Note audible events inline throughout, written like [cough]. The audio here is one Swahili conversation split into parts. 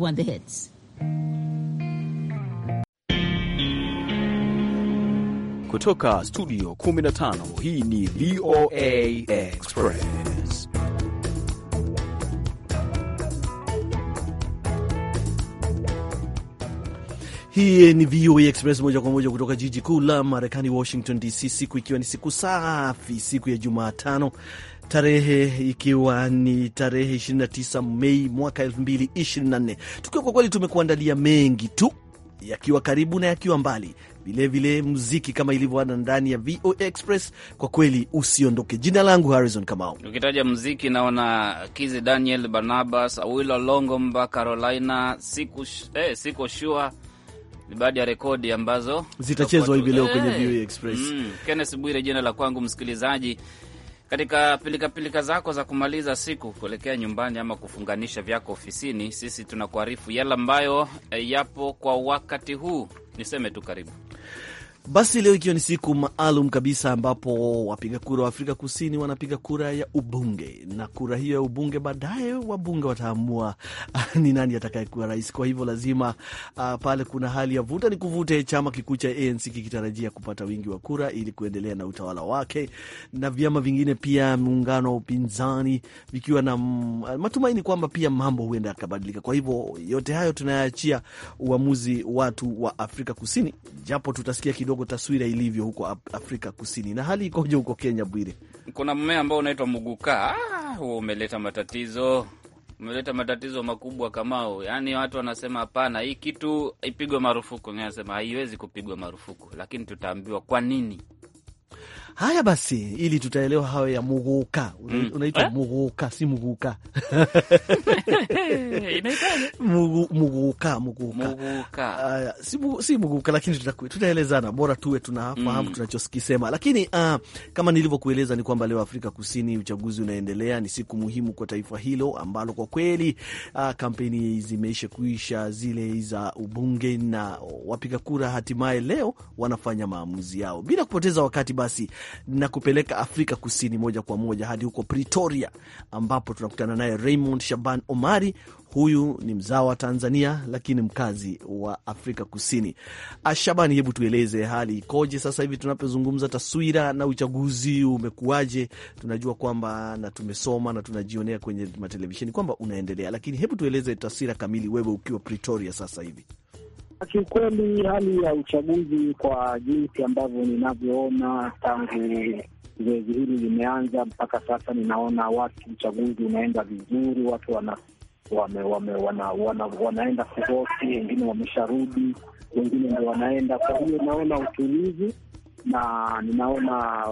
one the hits. Kutoka studio 15 hii ni VOA Express. Hii ni VOA Express moja kwa moja kutoka jiji kuu la Marekani, Washington DC, siku ikiwa ni siku safi, siku ya Jumatano tarehe ikiwa ni tarehe 29 Mei mwaka 2024, tukiwa kwa kweli tumekuandalia mengi tu yakiwa karibu na yakiwa mbali, vilevile muziki kama ilivyo ada ndani ya VOA Express. Kwa kweli usiondoke. Jina langu Harrison Kamau. Ukitaja muziki, naona Kizi Daniel, Barnabas Awilo, Longomba, Carolina siku, eh, siku shua ni baadhi ya rekodi ambazo zitachezwa hivi leo kwenye eh, VOA Express. Mm. Kenneth Bwire jina la kwangu msikilizaji katika pilikapilika zako za kumaliza siku kuelekea nyumbani ama kufunganisha vyako ofisini, sisi tunakuarifu yale ambayo eh, yapo kwa wakati huu. Niseme tu karibu basi leo ikiwa ni siku maalum kabisa ambapo wapiga kura wa Afrika Kusini wanapiga kura ya ubunge, na kura hiyo ya ubunge, baadaye wabunge wataamua [laughs] ni nani atakayekuwa rais. Kwa hivyo lazima uh, pale kuna hali ya vuta ni kuvute, chama kikuu cha ANC kikitarajia kupata wingi wa kura ili kuendelea na utawala wake, na vyama vingine pia, muungano wa upinzani vikiwa na mm, matumaini kwamba pia mambo huenda yakabadilika. Kwa hivyo yote hayo tunayaachia uamuzi watu wa Afrika Kusini, japo tutasikia kidogo kidogo taswira ilivyo huko Afrika Kusini, na hali ikoje huko Kenya, Bwire? Kuna mmea ambao unaitwa muguka, ah, huo umeleta matatizo umeleta matatizo makubwa Kamao. Yaani watu wanasema hapana, hii kitu ipigwe marufuku. Nasema haiwezi kupigwa marufuku, lakini tutaambiwa kwa nini. Haya basi, ili tutaelewa hayo ya muguka. Mm. Unaitwa mm. Eh? muguka, si muguka muguka, muguka. si, si muguka, lakini tutaelezana, bora tuwe tunafahamu mm. tunachokisema. Lakini uh, kama nilivyokueleza ni kwamba leo Afrika Kusini uchaguzi unaendelea, ni siku muhimu kwa taifa hilo ambalo kwa kweli uh, kampeni zimeisha kuisha zile za ubunge na wapiga kura hatimaye leo wanafanya maamuzi yao. Bila kupoteza wakati basi na kupeleka Afrika Kusini moja kwa moja hadi huko Pretoria, ambapo tunakutana naye Raymond Shaban Omari. Huyu ni mzaa wa Tanzania lakini mkazi wa Afrika Kusini. Ashabani, ah, hebu tueleze hali ikoje sasa hivi tunapozungumza, taswira na uchaguzi umekuwaje? Tunajua kwamba na tumesoma na tunajionea kwenye matelevisheni kwamba unaendelea, lakini hebu tueleze taswira kamili, wewe ukiwa Pretoria sasa hivi. Kiukweli, hali ya uchaguzi kwa jinsi ambavyo ninavyoona tangu zoezi hili limeanza mpaka sasa, ninaona watu, uchaguzi unaenda vizuri, watu wana wame, wame, wana, wana, wanaenda kuvoti, wengine wamesharudi, wengine ndio wanaenda. Kwa hiyo naona utulivu na ninaona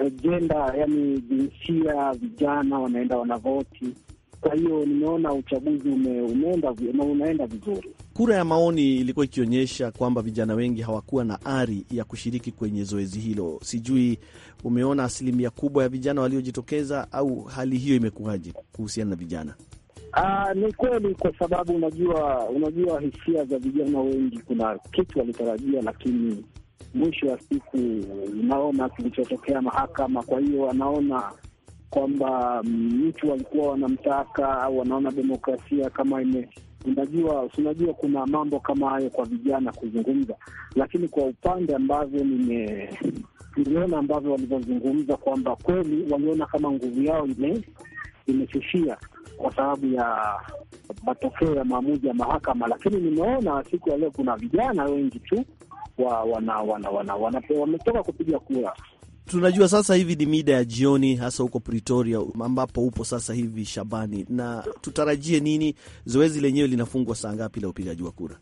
ajenda, yani jinsia, vijana wanaenda wanavoti. Kwa hiyo nimeona uchaguzi ume, umeenda, unaenda vizuri. Kura ya maoni ilikuwa ikionyesha kwamba vijana wengi hawakuwa na ari ya kushiriki kwenye zoezi hilo. Sijui umeona asilimia kubwa ya vijana waliojitokeza, au hali hiyo imekuwaje kuhusiana na vijana? Aa, ah, ni kweli kwa sababu unajua, unajua hisia za vijana wengi, kuna kitu walitarajia, lakini mwisho wa siku unaona kilichotokea mahakama. Kwa hiyo wanaona kwamba mm, mtu walikuwa wanamtaka au wanaona demokrasia kama ime unajua, unajua kuna mambo kama hayo kwa vijana kuzungumza, lakini kwa upande ambavyo niliona ambavyo walivyozungumza kwamba kweli waliona kama nguvu yao ime- kwa sababu ya matokeo ya maamuzi ya mahakama, lakini nimeona siku ya leo kuna vijana wengi tu wa- wana- wana- wana- wametoka kupiga kura tunajua sasa hivi ni mida ya jioni, hasa huko Pretoria ambapo upo sasa hivi, Shabani, na tutarajie nini? Zoezi lenyewe linafungwa saa ngapi la upigaji wa kura?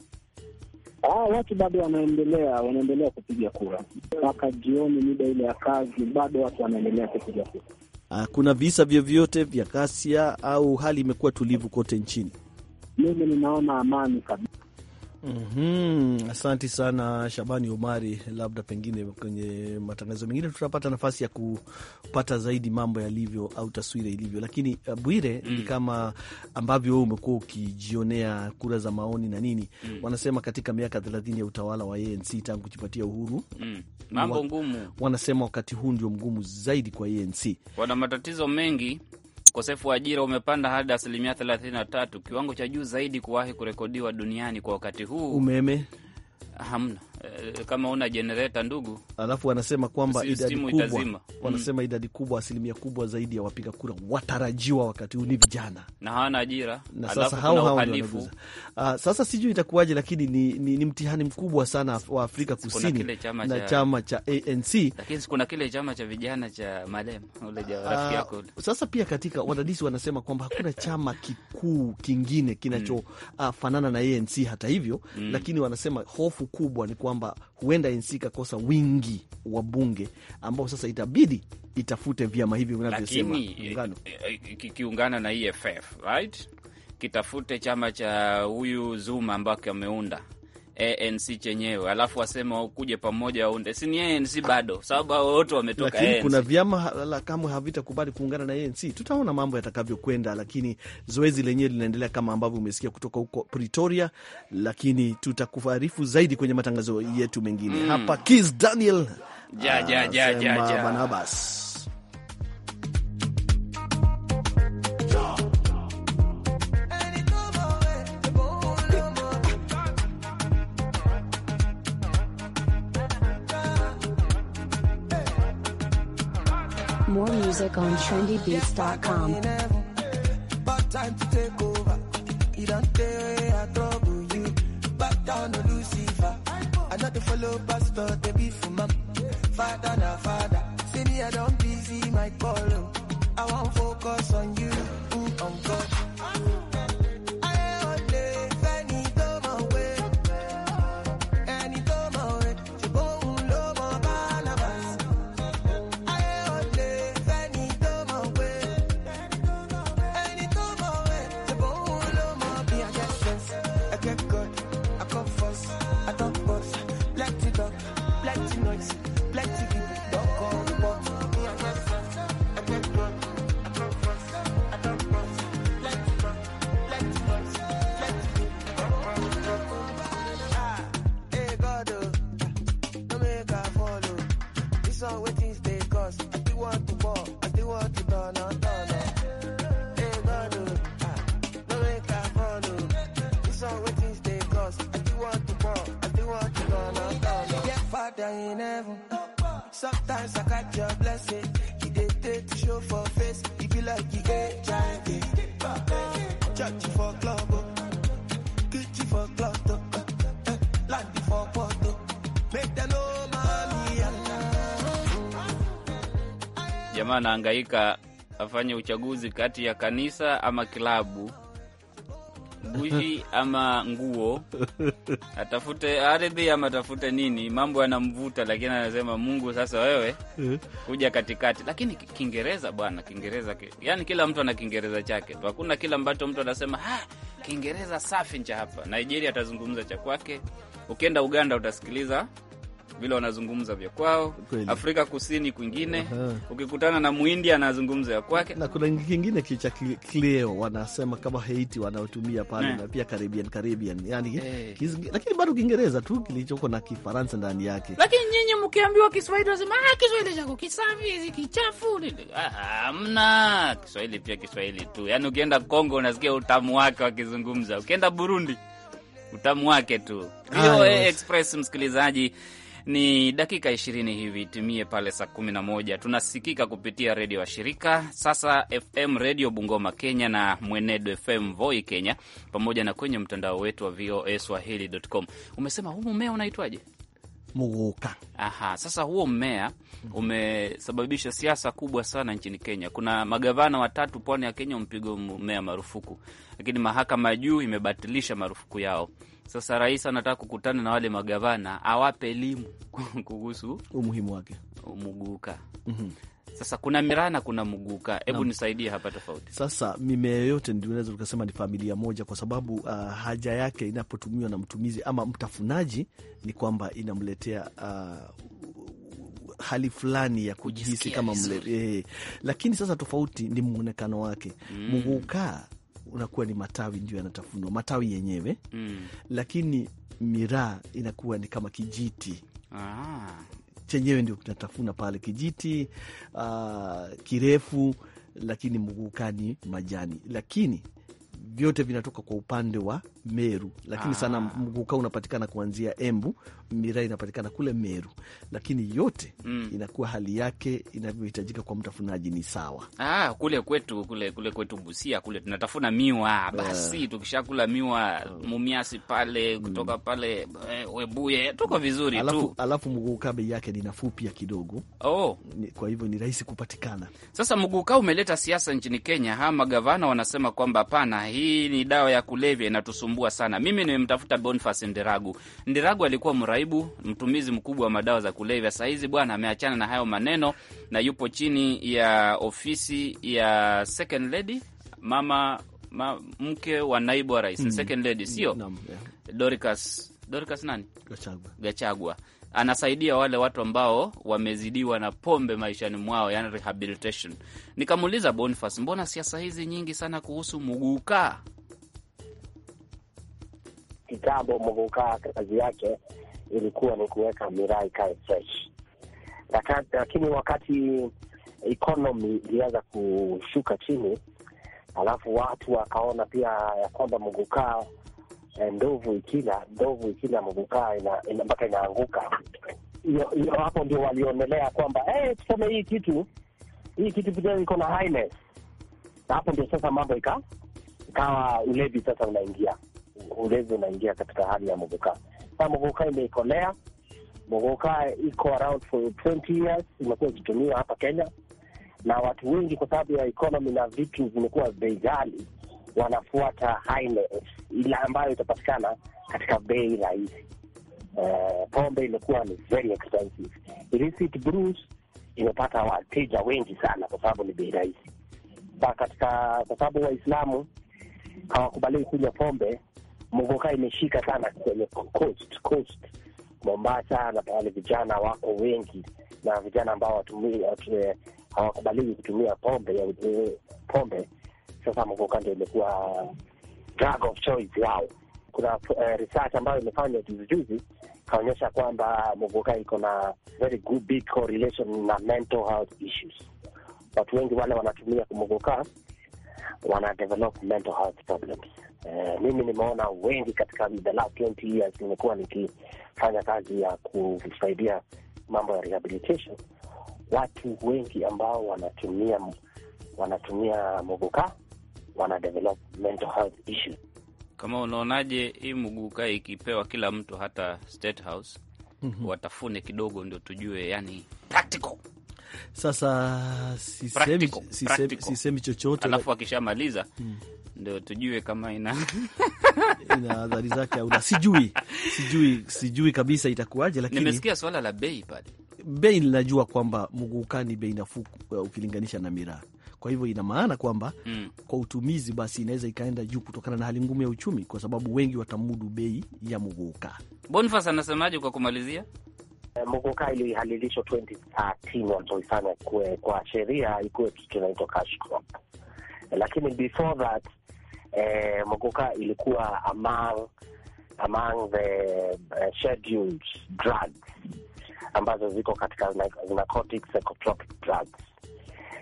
Ah, watu bado wanaendelea wanaendelea kupiga kura mpaka jioni, mida ile ya kazi, bado watu wanaendelea kupiga kura. Ah, kuna visa vyovyote vya ghasia au hali imekuwa tulivu kote nchini? Mimi ninaona amani kabisa. Mm -hmm. Asanti sana Shabani Omari, labda pengine kwenye matangazo mengine tutapata nafasi ya kupata zaidi mambo yalivyo au taswira ilivyo, lakini eh, Bwire, mm. ni kama ambavyo wewe umekuwa ukijionea kura za maoni na nini, mm. wanasema katika miaka thelathini ya utawala wa ANC tangu kujipatia uhuru, mm. mambo ngumu. Wanasema wakati huu ndio mgumu zaidi kwa ANC, wana matatizo mengi Ukosefu wa ajira umepanda hadi asilimia 33, kiwango cha juu zaidi kuwahi kurekodiwa duniani kwa wakati huu. Umeme hamna eh, kama una jenereta ndugu. Alafu wanasema kwamba idadi kubwa, itazima. wanasema mm. idadi kubwa, asilimia kubwa zaidi ya wapiga kura watarajiwa wakati huu ni vijana na hawana ajira, na sasa hao hao ndio ah, sasa, sijui itakuwaje, lakini ni, ni, ni mtihani mkubwa sana wa Afrika Kusini chama na cha, chama cha ANC, lakini kuna kile chama cha vijana cha Malem ule ah, rafiki yako. Sasa pia katika wadadisi wanasema kwamba hakuna chama kikuu kingine kinachofanana mm. uh, na ANC hata hivyo mm. lakini wanasema hofu kubwa ni kwa kwamba huenda NC ikakosa wingi wa bunge ambao sasa itabidi itafute vyama hivi unavyosema kikiungana eh, eh, na EFF right, kitafute chama cha huyu Zuma ambayo ameunda ANC chenyewe, alafu wasema kuje pamoja aunde si ni ANC bado, sababu hao wote wametoka ANC, lakini kuna vyama la kamwe havitakubali kuungana na ANC. Tutaona mambo yatakavyokwenda, lakini zoezi lenyewe linaendelea kama ambavyo umesikia kutoka huko Pretoria, lakini tutakuarifu zaidi kwenye matangazo yetu mengine. Mm. Hapa kis Daniel ja, ja, ja, ja, ja. Barnabas music on trendybeats.com. Bad time to take over. You don't I trouble you. Back down to Lucifer. I not to follow pastor, they be for mom. Father father. See me, I don't busy my I won't focus on you. God. Oh, down in heaven. Sometimes I catch your blessing. You did it to show for face. You be like you get giant. you for club, Get oh. you for club, oh. land for photo. Oh. Make them know mommy. Jamaa anahangaika afanye uchaguzi kati ya kanisa ama kilabu bushi ama nguo, atafute ardhi ama atafute nini, mambo yanamvuta, lakini anasema Mungu, sasa wewe kuja katikati. Lakini Kiingereza bwana, Kiingereza yani kila mtu ana Kiingereza chake tu, hakuna kila ambacho mtu anasema Kiingereza safi ncha hapa. Nigeria atazungumza cha kwake, ukienda Uganda utasikiliza vile wanazungumza vya kwao, Afrika Kusini kwingine. Ukikutana na muindi anazungumza ya kwake, na kuna kingine kicha Kleo wanasema kama Haiti wanaotumia pale, eh. na pia Caribbean Caribbean, yani eh. Kiz, lakini bado Kiingereza tu kilichoko na Kifaransa ndani yake, lakini nyinyi mkiambiwa Kiswahili lazima ah, Kiswahili chako kisafi kichafu. Ah, hamna ah, Kiswahili pia Kiswahili tu. Yani ukienda Kongo unasikia utamu wake wakizungumza, ukienda Burundi utamu wake tu. VOA Express msikilizaji ni dakika ishirini hivi itimie pale saa kumi na moja. Tunasikika kupitia redio wa shirika sasa FM Redio Bungoma Kenya na Mwenedo FM Voi Kenya, pamoja na kwenye mtandao wetu wa VOA Swahili.com. Umesema huu mmea unaitwaje? Muguka. Aha, sasa huo mmea umesababisha siasa kubwa sana nchini Kenya. Kuna magavana watatu pwani ya Kenya umpigwa mmea marufuku, lakini mahakama ya juu imebatilisha marufuku yao. Sasa rais anataka kukutana na wale magavana awape elimu [laughs] kuhusu umuhimu wake Muguka. mm -hmm. Sasa kuna mirana kuna Muguka, hebu nisaidie hapa tofauti. Sasa mimea yoyote ndio tukasema ni familia moja, kwa sababu uh, haja yake inapotumiwa na mtumizi ama mtafunaji ni kwamba inamletea uh, hali fulani ya kujihisi kama mle, eh, lakini sasa tofauti ni mwonekano wake. Mm. Muguka unakuwa ni matawi ndio yanatafunwa, matawi yenyewe mm. Lakini miraa inakuwa ni kama kijiti ah. Chenyewe ndio kinatafuna pale kijiti uh, kirefu lakini mgukani majani, lakini vyote vinatoka kwa upande wa Meru, lakini ah, sana mguka unapatikana kuanzia Embu, miraa inapatikana kule Meru, lakini yote mm, inakuwa hali yake inavyohitajika kwa mtafunaji ni sawa. Ah, kule kwetu kule, kule kwetu Busia kule tunatafuna miwa ah. basi, yeah, tukishakula miwa Mumiasi pale mm. kutoka mm, pale eh, Webuye tuko vizuri alafu, tu alafu mguka bei yake ni nafuu pia kidogo oh, kwa hivyo ni rahisi kupatikana. Sasa mguka umeleta siasa nchini Kenya, haa, magavana wanasema kwamba hapana hii hii ni dawa ya kulevya inatusumbua sana. Mimi nimemtafuta bonfas Nderagu. Nderagu alikuwa mraibu, mtumizi mkubwa wa madawa za kulevya. Sahizi bwana ameachana na hayo maneno na yupo chini ya ofisi ya second lady, mama ma, mke wa naibu wa rais, mm. second lady sio Dorcas, Dorcas nani? Gachagua, Gachagua anasaidia wale watu ambao wamezidiwa na pombe maishani mwao, yani rehabilitation. Nikamuuliza Boniface, mbona siasa hizi nyingi sana kuhusu Muguka kitambo? Muguka kazi yake ilikuwa ni kuweka miraa ikae fresh, lakini wakati economy ilianza kushuka chini, alafu watu wakaona pia ya kwamba Muguka Eh, ndovu ikila ndovu ikila mgukaa mpaka inaanguka. Hiyo hapo ndio walionelea kwamba hey, eh, tuseme hii kitu hii kitu vile iko na highness. Hapo ndio sasa mambo ika ikawa ulevi sasa unaingia ulevi unaingia katika hali ya mvukaa Sasa muguka imeikolea, muguka iko around for 20 years, imekuwa ikitumiwa hapa Kenya na watu wengi, kwa sababu ya economy na vitu zimekuwa bei ghali wanafuata ile ambayo itapatikana katika bei rahisi. Uh, pombe imekuwa ni very expensive. Illicit brews imepata wateja wengi sana kwa sababu ni bei rahisi, katika kwa sababu Waislamu hawakubaliwi kunywa pombe. Muguka imeshika sana kwenye coast coast, Mombasa na pale, vijana wako wengi na vijana ambao hawakubaliwi kutumia pombe pombe kutazama kwa ukanda imekuwa drug of choice yao. Kuna uh, research ambayo imefanywa juzi juzi kaonyesha kwamba muguka iko na very good big correlation na mental health issues. Watu wengi wale wanatumia muguka wana develop mental health problems. Uh, mimi nimeona wengi katika the last 20 years nimekuwa nikifanya kazi ya kusaidia mambo ya rehabilitation. Watu wengi ambao wanatumia wanatumia muguka wana develop mental health issues. Kama unaonaje hii muguka ikipewa kila mtu, hata State House mm -hmm. watafune kidogo ndio tujue, yani practical sasa sisemi, sisemi, sisemi chochote, alafu akishamaliza hmm. Ndo tujue kama ina [laughs] ina adhari zake au sijui, sijui, sijui kabisa itakuwaje, lakini nimesikia swala la bei pale bei linajua kwamba ni bei nafuu uh, ukilinganisha na miraa. Kwa hivyo ina maana kwamba mm. kwa utumizi basi inaweza ikaenda juu kutokana na hali ngumu ya uchumi, kwa sababu wengi watamudu bei ya mguka. Bonifas anasemaje kwa kumalizia? Eh, muguka ilihalilishwa 2013 walizoifanya kwa sheria ikuwe kitu kinaitwa cash crop, lakini before that eh, muguka ilikuwa among, among the uh, scheduled drugs ambazo ziko katika narcotic psychotropic drugs.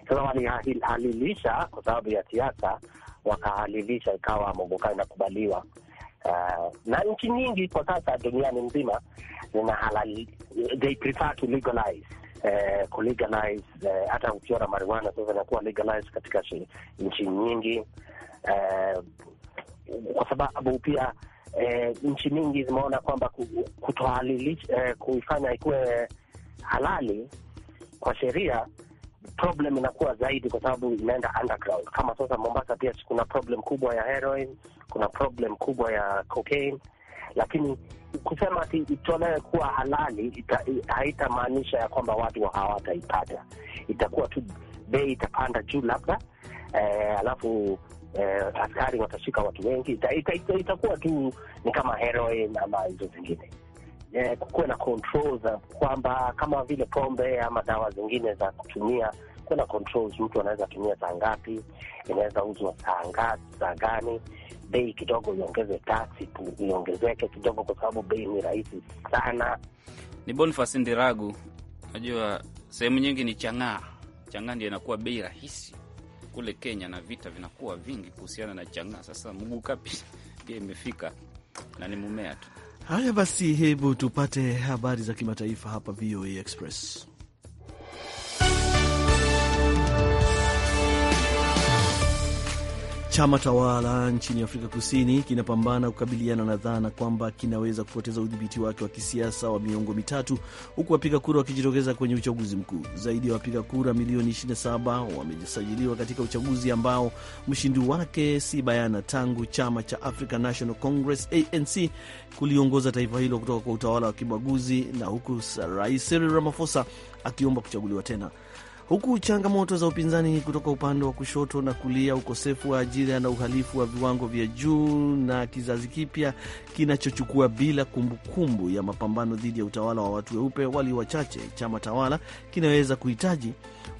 Sasa walihalilisha kwa sababu ya siasa, wakahalilisha ikawa mongokano inakubaliwa. Uh, na nchi nyingi kwa sasa duniani mzima zina halali, they prefer to legalize uh, uh, hata ukiona marijuana sasa inakuwa legalize katika nchi nyingi uh, kwa sababu pia eh, nchi nyingi zimeona kwamba eh, kuifanya ikuwe halali kwa sheria problem inakuwa zaidi kwa sababu inaenda underground. Kama sasa Mombasa pia kuna problem kubwa ya heroin, kuna problem kubwa ya cocaine, lakini kusema ati itolewe kuwa halali haitamaanisha ya kwamba watu wa hawataipata, itakuwa tu bei itapanda juu labda, eh, alafu eh, askari watashika watu wengi, itakuwa ita, ita tu ni kama heroin ama hizo zingine eh, kuwe na control za kwamba kama vile pombe ama dawa zingine za kutumia kuwe na controls, mtu anaweza tumia saa ngapi, inaweza uzwa saa ngapi, saa gani, bei kidogo iongeze, taksi iongezeke kidogo, kwa sababu bei ni rahisi sana. Ni Boniface Ndiragu, najua sehemu nyingi ni chang'aa chang'aa ndio inakuwa bei rahisi kule Kenya na vita vinakuwa vingi kuhusiana na chang'aa. Sasa mgukapi pia imefika na ni mumea tu. Haya basi, hebu tupate habari za kimataifa hapa VOA Express. Chama tawala nchini Afrika Kusini kinapambana kukabiliana na dhana kwamba kinaweza kupoteza udhibiti wake wa kisiasa wa miongo mitatu, huku wapiga kura wakijitokeza kwenye uchaguzi mkuu. Zaidi ya wapiga kura milioni 27 wamejisajiliwa katika uchaguzi ambao mshindi wake si bayana tangu chama cha African National Congress ANC kuliongoza taifa hilo kutoka kwa utawala wa kibaguzi, na huku Rais Cyril Ramaphosa akiomba kuchaguliwa tena huku changamoto za upinzani kutoka upande wa kushoto na kulia, ukosefu wa ajira na uhalifu wa viwango vya juu, na kizazi kipya kinachochukua bila kumbukumbu kumbu ya mapambano dhidi ya utawala wa watu weupe walio wachache, chama tawala kinaweza kuhitaji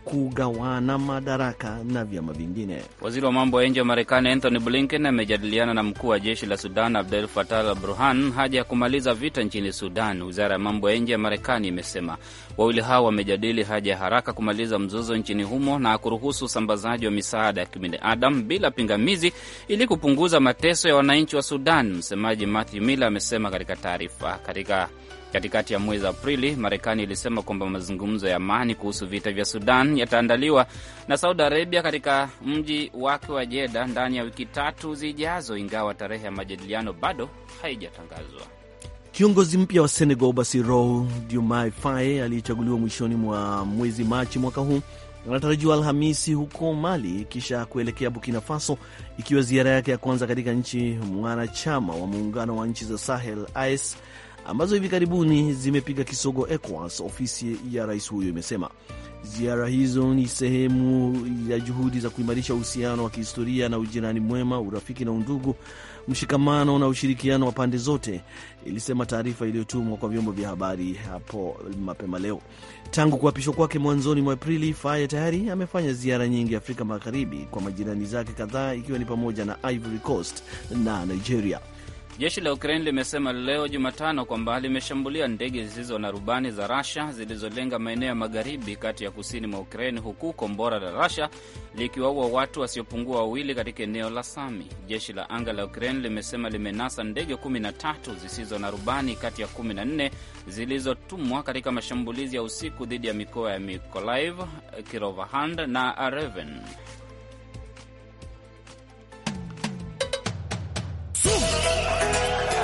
kugawana madaraka na vyama vingine. Waziri wa mambo ya nje wa Marekani Anthony Blinken amejadiliana na mkuu wa jeshi la Sudan Abdel Fattah al Burhan haja ya kumaliza vita nchini Sudan. Wizara ya mambo ya nje ya Marekani imesema wawili hao wamejadili haja ya haraka kumaliza mzozo nchini humo na kuruhusu usambazaji wa misaada ya kibinadamu bila pingamizi ili kupunguza mateso ya wananchi wa Sudan. Msemaji Matthew Miller amesema katika taarifa katika Katikati ya mwezi Aprili, Marekani ilisema kwamba mazungumzo ya amani kuhusu vita vya Sudan yataandaliwa na Saudi Arabia katika mji wake wa Jeda ndani ya wiki tatu zijazo, ingawa tarehe ya majadiliano bado haijatangazwa. Kiongozi mpya wa Senegal Bassirou Diomaye Faye aliyechaguliwa mwishoni mwa mwezi Machi mwaka huu anatarajiwa Alhamisi huko Mali kisha kuelekea Burkina Faso, ikiwa ziara yake ya kwanza katika nchi mwanachama wa muungano wa nchi za Sahel AES ambazo hivi karibuni zimepiga kisogo ECOWAS, ofisi ya rais huyo imesema. Ziara hizo ni sehemu ya juhudi za kuimarisha uhusiano wa kihistoria na ujirani mwema, urafiki na undugu, mshikamano na ushirikiano wa pande zote, ilisema taarifa iliyotumwa kwa vyombo vya habari hapo mapema leo. Tangu kuapishwa kwake mwanzoni mwa Aprili, Faye tayari amefanya ziara nyingi Afrika Magharibi kwa majirani zake kadhaa, ikiwa ni pamoja na Ivory Coast na Nigeria. Jeshi la Ukraine limesema leo Jumatano kwamba limeshambulia ndege zisizo na rubani za Rasha zilizolenga maeneo ya magharibi kati ya kusini mwa Ukraine, huku kombora la Rasha likiwaua watu wasiopungua wawili katika eneo la Sami. Jeshi la anga la Ukraine limesema limenasa ndege 13 zisizo na rubani kati ya 14 zilizotumwa katika mashambulizi ya usiku dhidi ya mikoa ya Mikolaiv, Kirovahand na Areven. Hum.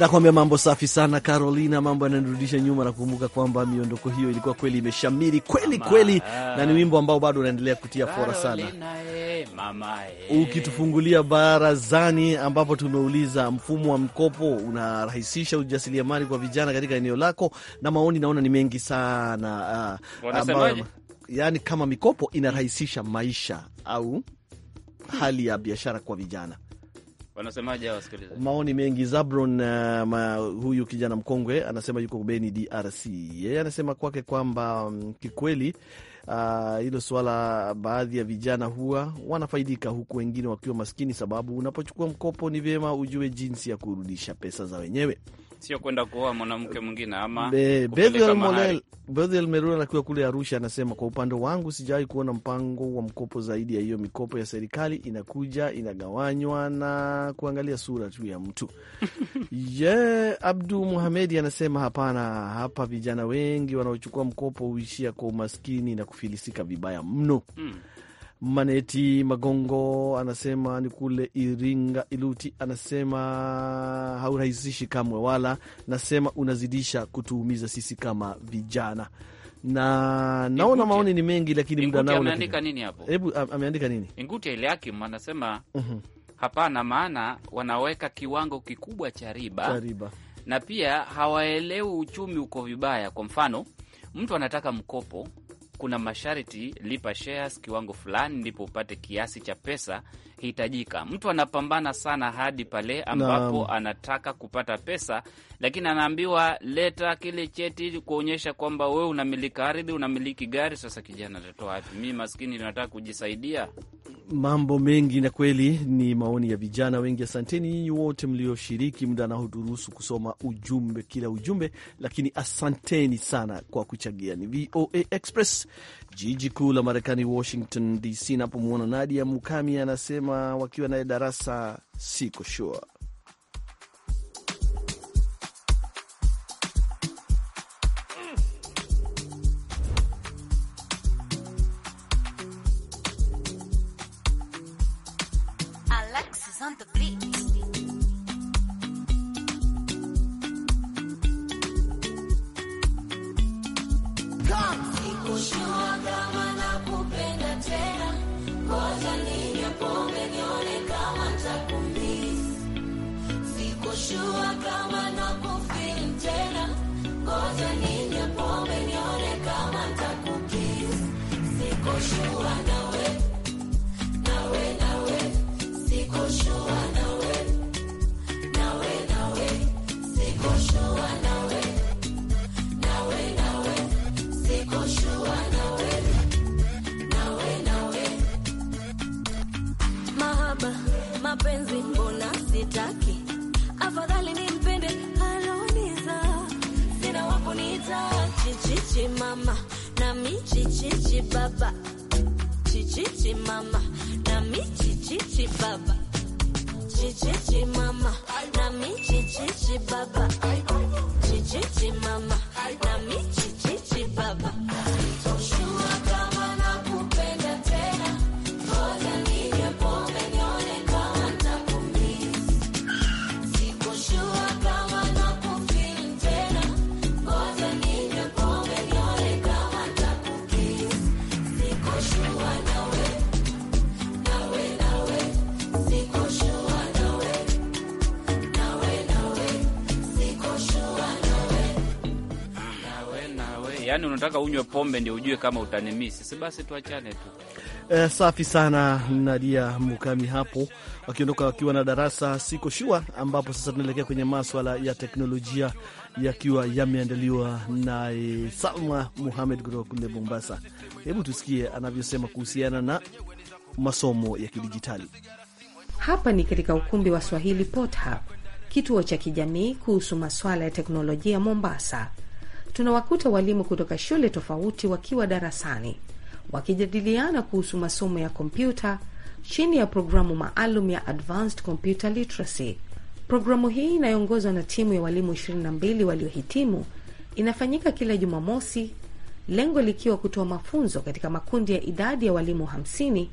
Nakwambia mambo safi sana Carolina, mambo yananirudisha nyuma Nakumbuka kwamba miondoko hiyo ilikuwa kweli imeshamiri kweli kweli eh. na ni wimbo ambao bado unaendelea kutia fora sana eh, eh. Ukitufungulia barazani ambapo tumeuliza mfumo wa mkopo unarahisisha ujasiriamali kwa vijana katika eneo lako, na maoni naona ni mengi sana ah, ambao, yani kama mikopo inarahisisha maisha au hali ya biashara kwa vijana Wanasemaje wasikilizaji? Maoni mengi. Zabron uh, ma, huyu kijana mkongwe anasema yuko Beni, DRC. Yeye anasema kwake kwamba um, kikweli uh, hilo uh, suala baadhi ya vijana huwa wanafaidika huku wengine wakiwa maskini, sababu unapochukua mkopo ni vyema ujue jinsi ya kurudisha pesa za wenyewe sio kwenda kuoa mwanamke mwingine ama. Bethuel Merula anakiwa kule Arusha, anasema kwa upande wangu sijawahi kuona mpango wa mkopo zaidi ya hiyo mikopo ya serikali inakuja inagawanywa na kuangalia sura tu ya mtu. [laughs] Ye yeah, Abdu Muhamedi anasema hapana, hapa vijana wengi wanaochukua mkopo huishia kwa umaskini na kufilisika vibaya mno. Hmm. Maneti Magongo anasema ni kule Iringa. Iluti anasema haurahisishi kamwe, wala nasema unazidisha kutuumiza sisi kama vijana. Na naona maoni ni mengi, lakini muda nao ameandika nini hapo? Hebu ameandika nini ile yake anasema uh mhm. -huh. Hapana, maana wanaweka kiwango kikubwa cha riba na pia hawaelewi uchumi uko vibaya. Kwa mfano, mtu anataka mkopo kuna masharti, lipa shares kiwango fulani ndipo upate kiasi cha pesa hitajika. Mtu anapambana sana hadi pale ambapo na anataka kupata pesa, lakini anaambiwa leta kile cheti kuonyesha kwamba wewe unamiliki ardhi, unamiliki gari. Sasa kijana atatoa wapi? Mi maskini nataka kujisaidia. Mambo mengi na kweli, ni maoni ya vijana wengi. Asanteni nyinyi wote mlioshiriki, muda nahuduruhusu kusoma ujumbe, kila ujumbe, lakini asanteni sana kwa kuchagia. Ni VOA Express jiji kuu la Marekani, Washington DC, napomwona Nadia Mukami anasema wakiwa naye darasa siko sure yani unataka unywe pombe ndio ujue kama utanimisi. Si basi tuachane tu. Eh, safi sana Nadia Mukami hapo wakiondoka wakiwa na darasa siko shua, ambapo sasa tunaelekea kwenye maswala ya teknolojia yakiwa yameandaliwa naye Salma Muhamed kutoka kule Mombasa. Hebu tusikie anavyosema kuhusiana na masomo ya kidijitali. Hapa ni katika ukumbi wa Swahili Pot Hub, kituo cha kijamii kuhusu maswala ya teknolojia Mombasa tunawakuta walimu kutoka shule tofauti wakiwa darasani wakijadiliana kuhusu masomo ya kompyuta chini ya programu maalum ya Advanced Computer Literacy. Programu hii inayoongozwa na timu ya walimu 22 waliohitimu inafanyika kila Jumamosi, lengo likiwa kutoa mafunzo katika makundi ya idadi ya walimu 50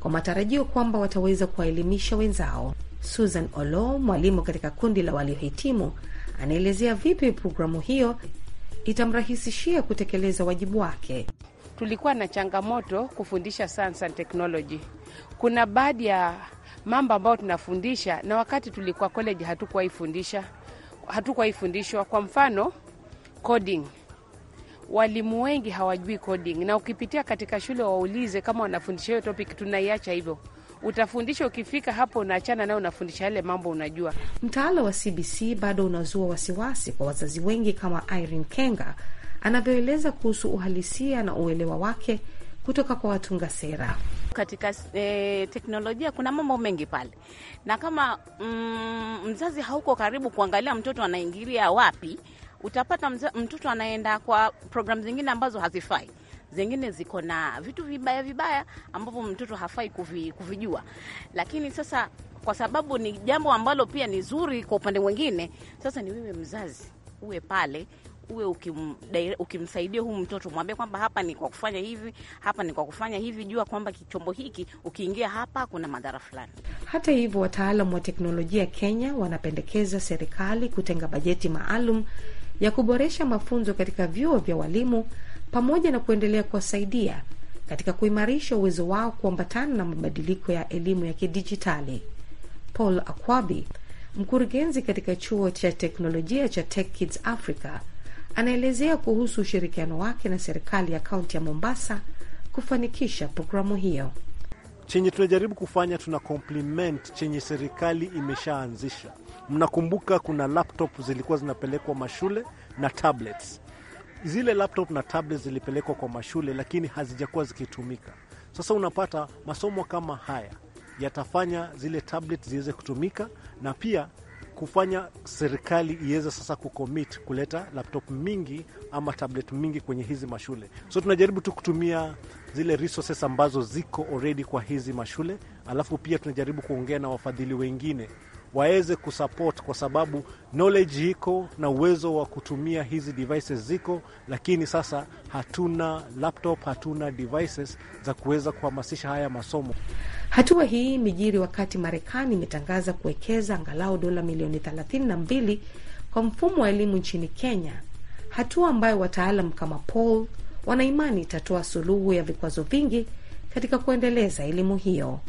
kwa matarajio kwamba wataweza kuwaelimisha wenzao. Susan Olo, mwalimu katika kundi la waliohitimu, anaelezea vipi programu hiyo itamrahisishia kutekeleza wajibu wake. Tulikuwa na changamoto kufundisha science and technology. Kuna baadhi ya mambo ambayo tunafundisha na wakati tulikuwa college hatukuwaifundisha, hatukuwaifundishwa. Kwa mfano coding, walimu wengi hawajui coding, na ukipitia katika shule waulize kama wanafundisha hiyo topic, tunaiacha hivyo utafundisha, ukifika hapo unaachana nayo, unafundisha yale mambo unajua. Mtaala wa CBC bado unazua wasiwasi kwa wazazi wengi, kama Irene Kenga anavyoeleza kuhusu uhalisia na uelewa wake kutoka kwa watunga sera katika e, teknolojia. Kuna mambo mengi pale, na kama mm, mzazi hauko karibu kuangalia mtoto anaingilia wapi, utapata mza, mtoto anaenda kwa programu zingine ambazo hazifai zingine ziko na vitu vibaya vibaya ambavyo mtoto hafai kuvi, kuvijua. Lakini sasa kwa sababu ni jambo ambalo pia ni zuri kwa upande mwingine, sasa ni wewe mzazi uwe pale uwe ukim, ukimsaidia huu mtoto mwambie kwamba hapa ni kwa kufanya hivi, hapa ni kwa kufanya hivi. Jua kwamba kichombo hiki ukiingia hapa kuna madhara fulani. Hata hivyo, wataalam wa teknolojia Kenya wanapendekeza serikali kutenga bajeti maalum ya kuboresha mafunzo katika vyuo vya walimu pamoja na kuendelea kuwasaidia katika kuimarisha uwezo wao kuambatana na mabadiliko ya elimu ya kidijitali. Paul Akwabi, mkurugenzi katika chuo cha teknolojia cha Tech Kids Africa, anaelezea kuhusu ushirikiano wake na serikali ya kaunti ya Mombasa kufanikisha programu hiyo. Chenye tunajaribu kufanya, tuna compliment chenye serikali imeshaanzisha. Mnakumbuka kuna laptop zilikuwa zinapelekwa mashule na tablets zile laptop na tablet zilipelekwa kwa mashule, lakini hazijakuwa zikitumika. Sasa unapata masomo kama haya yatafanya zile tablet ziweze kutumika na pia kufanya serikali iweze sasa kukomit kuleta laptop mingi ama tablet mingi kwenye hizi mashule. So tunajaribu tu kutumia zile resources ambazo ziko already kwa hizi mashule, alafu pia tunajaribu kuongea na wafadhili wengine waweze kusupport, kwa sababu knowledge iko na uwezo wa kutumia hizi devices ziko, lakini sasa hatuna laptop, hatuna devices za kuweza kuhamasisha haya masomo. Hatua hii imejiri wakati Marekani imetangaza kuwekeza angalau dola milioni 32 kwa mfumo wa elimu nchini Kenya, hatua ambayo wataalam kama Paul wanaimani itatoa suluhu ya vikwazo vingi katika kuendeleza elimu hiyo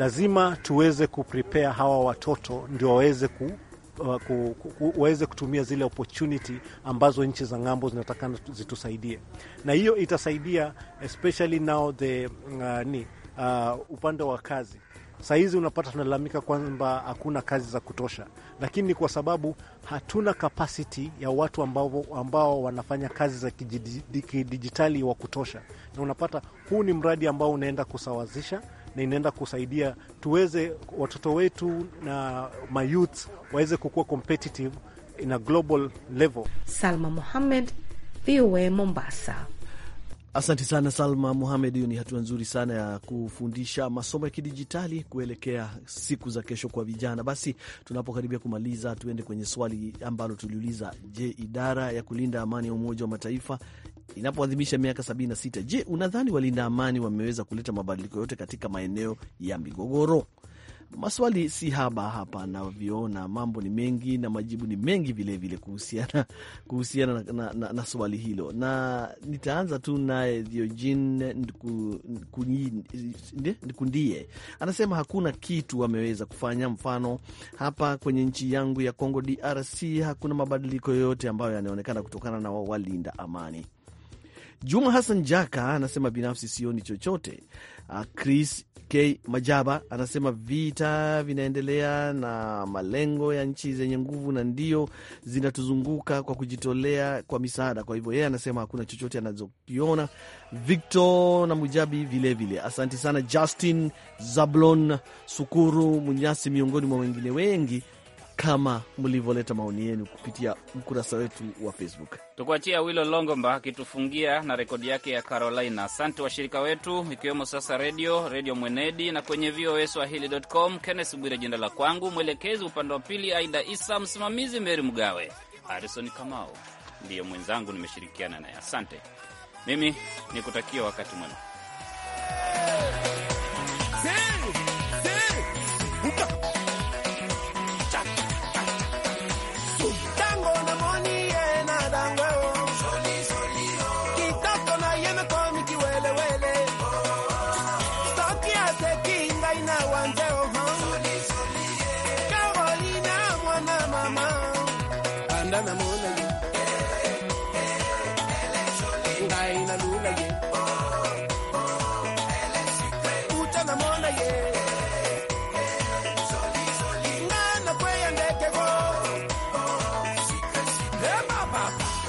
lazima tuweze kuprepare hawa watoto ndio waweze uh, ku waweze kutumia zile opportunity ambazo nchi za ng'ambo zinatakana zitusaidie, na hiyo itasaidia especially now the uh, ni uh, upande wa kazi. sahizi unapata tunalalamika kwamba hakuna kazi za kutosha, lakini ni kwa sababu hatuna kapasiti ya watu ambao, ambao wanafanya kazi za kidijitali wa kutosha, na unapata huu ni mradi ambao unaenda kusawazisha na inaenda kusaidia tuweze watoto wetu na mayouth waweze kukuwa competitive in a global level. Salma Mohamed, VOA Mombasa. Asante sana Salma Muhamed, hiyo ni hatua nzuri sana ya kufundisha masomo ya kidijitali kuelekea siku za kesho kwa vijana. Basi tunapokaribia kumaliza, tuende kwenye swali ambalo tuliuliza: Je, idara ya kulinda amani ya Umoja wa Mataifa inapoadhimisha miaka 76. Je, unadhani walinda amani wameweza kuleta mabadiliko yote katika maeneo ya migogoro? Maswali si haba hapa, navyoona mambo ni mengi na majibu ni mengi vilevile kuhusiana, [laughs] kuhusiana na, na, na, na swali hilo, na nitaanza tu naye Diojin Ndikundie anasema hakuna kitu wameweza kufanya. Mfano hapa kwenye nchi yangu ya Congo DRC hakuna mabadiliko yoyote ambayo yanaonekana kutokana na walinda amani. Juma Hassan Jaka anasema binafsi sioni chochote. Ah, Chris K Majaba anasema vita vinaendelea na malengo ya nchi zenye nguvu na ndio zinatuzunguka kwa kujitolea kwa misaada. Kwa hivyo yeye anasema hakuna chochote anachokiona. Victor na Mujabi vilevile, asante sana Justin Zablon, Sukuru Munyasi, miongoni mwa wengine wengi kama mlivyoleta maoni yenu kupitia ukurasa wetu wa Facebook. Tukuachia Wilo Longomba akitufungia na rekodi yake ya Carolina. Asante washirika wetu ikiwemo Sasa Redio, Redio Mwenedi na kwenye VOA Swahili.com. Kennes Bwire jina la kwangu, mwelekezi upande wa pili Aida Isa, msimamizi Meri Mgawe, Harison Kamau ndiyo mwenzangu nimeshirikiana naye. Asante, mimi nikutakia wakati mwema.